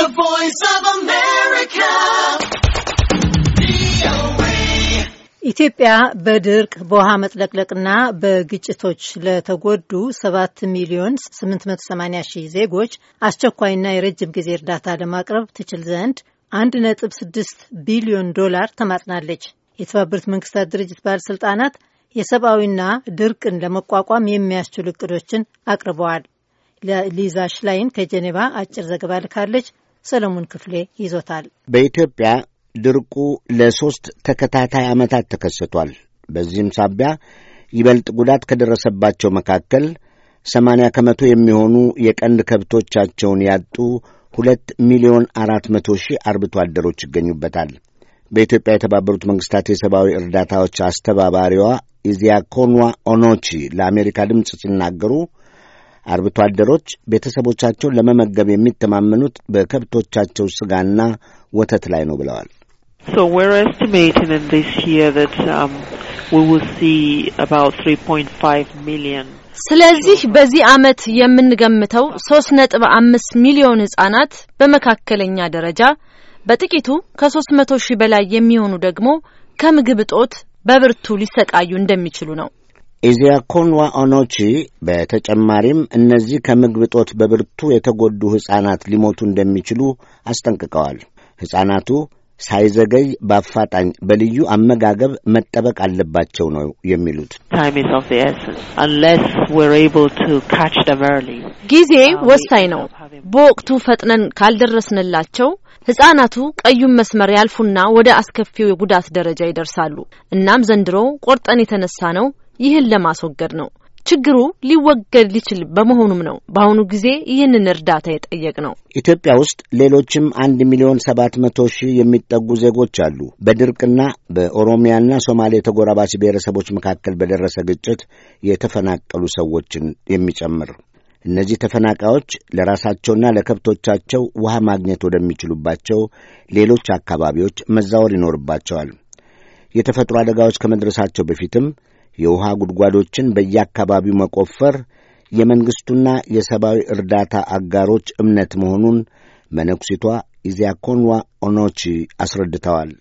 The Voice of America. ኢትዮጵያ በድርቅ በውሃ መጥለቅለቅና በግጭቶች ለተጎዱ 7 ሚሊዮን 880 ሺህ ዜጎች አስቸኳይና የረጅም ጊዜ እርዳታ ለማቅረብ ትችል ዘንድ 1.6 ቢሊዮን ዶላር ተማጥናለች። የተባበሩት መንግስታት ድርጅት ባለሥልጣናት የሰብአዊና ድርቅን ለመቋቋም የሚያስችሉ እቅዶችን አቅርበዋል። ሊዛ ሽላይን ከጀኔባ አጭር ዘገባ ልካለች። ሰለሞን ክፍሌ ይዞታል። በኢትዮጵያ ድርቁ ለሶስት ተከታታይ ዓመታት ተከስቷል። በዚህም ሳቢያ ይበልጥ ጉዳት ከደረሰባቸው መካከል ሰማንያ ከመቶ የሚሆኑ የቀንድ ከብቶቻቸውን ያጡ ሁለት ሚሊዮን አራት መቶ ሺህ አርብቶ አደሮች ይገኙበታል። በኢትዮጵያ የተባበሩት መንግስታት የሰብአዊ እርዳታዎች አስተባባሪዋ ኢዚያኮንዋ ኦኖቺ ለአሜሪካ ድምፅ ሲናገሩ አርብቶ አደሮች ቤተሰቦቻቸውን ለመመገብ የሚተማመኑት በከብቶቻቸው ስጋና ወተት ላይ ነው ብለዋል። ስለዚህ በዚህ ዓመት የምንገምተው ሶስት ነጥብ አምስት ሚሊዮን ህጻናት በመካከለኛ ደረጃ በጥቂቱ ከሶስት መቶ ሺህ በላይ የሚሆኑ ደግሞ ከምግብ እጦት በብርቱ ሊሰቃዩ እንደሚችሉ ነው። ኢዚያኮንዋ ኦኖቺ በተጨማሪም እነዚህ ከምግብ እጦት በብርቱ የተጎዱ ሕፃናት ሊሞቱ እንደሚችሉ አስጠንቅቀዋል። ሕፃናቱ ሳይዘገይ በአፋጣኝ በልዩ አመጋገብ መጠበቅ አለባቸው ነው የሚሉት። ጊዜ ወሳኝ ነው። በወቅቱ ፈጥነን ካልደረስንላቸው ሕፃናቱ ቀዩን መስመር ያልፉና ወደ አስከፊው የጉዳት ደረጃ ይደርሳሉ። እናም ዘንድሮ ቆርጠን የተነሳ ነው ይህን ለማስወገድ ነው። ችግሩ ሊወገድ ሊችል በመሆኑም ነው በአሁኑ ጊዜ ይህንን እርዳታ የጠየቅ ነው። ኢትዮጵያ ውስጥ ሌሎችም አንድ ሚሊዮን ሰባት መቶ ሺህ የሚጠጉ ዜጎች አሉ። በድርቅና በኦሮሚያና ሶማሌ የተጎራባች ብሔረሰቦች መካከል በደረሰ ግጭት የተፈናቀሉ ሰዎችን የሚጨምር። እነዚህ ተፈናቃዮች ለራሳቸውና ለከብቶቻቸው ውሃ ማግኘት ወደሚችሉባቸው ሌሎች አካባቢዎች መዛወር ይኖርባቸዋል። የተፈጥሮ አደጋዎች ከመድረሳቸው በፊትም የውሃ ጉድጓዶችን በየአካባቢው መቆፈር የመንግሥቱና የሰብአዊ እርዳታ አጋሮች እምነት መሆኑን መነኩሲቷ ኢዚያኮንዋ ኦኖቺ አስረድተዋል።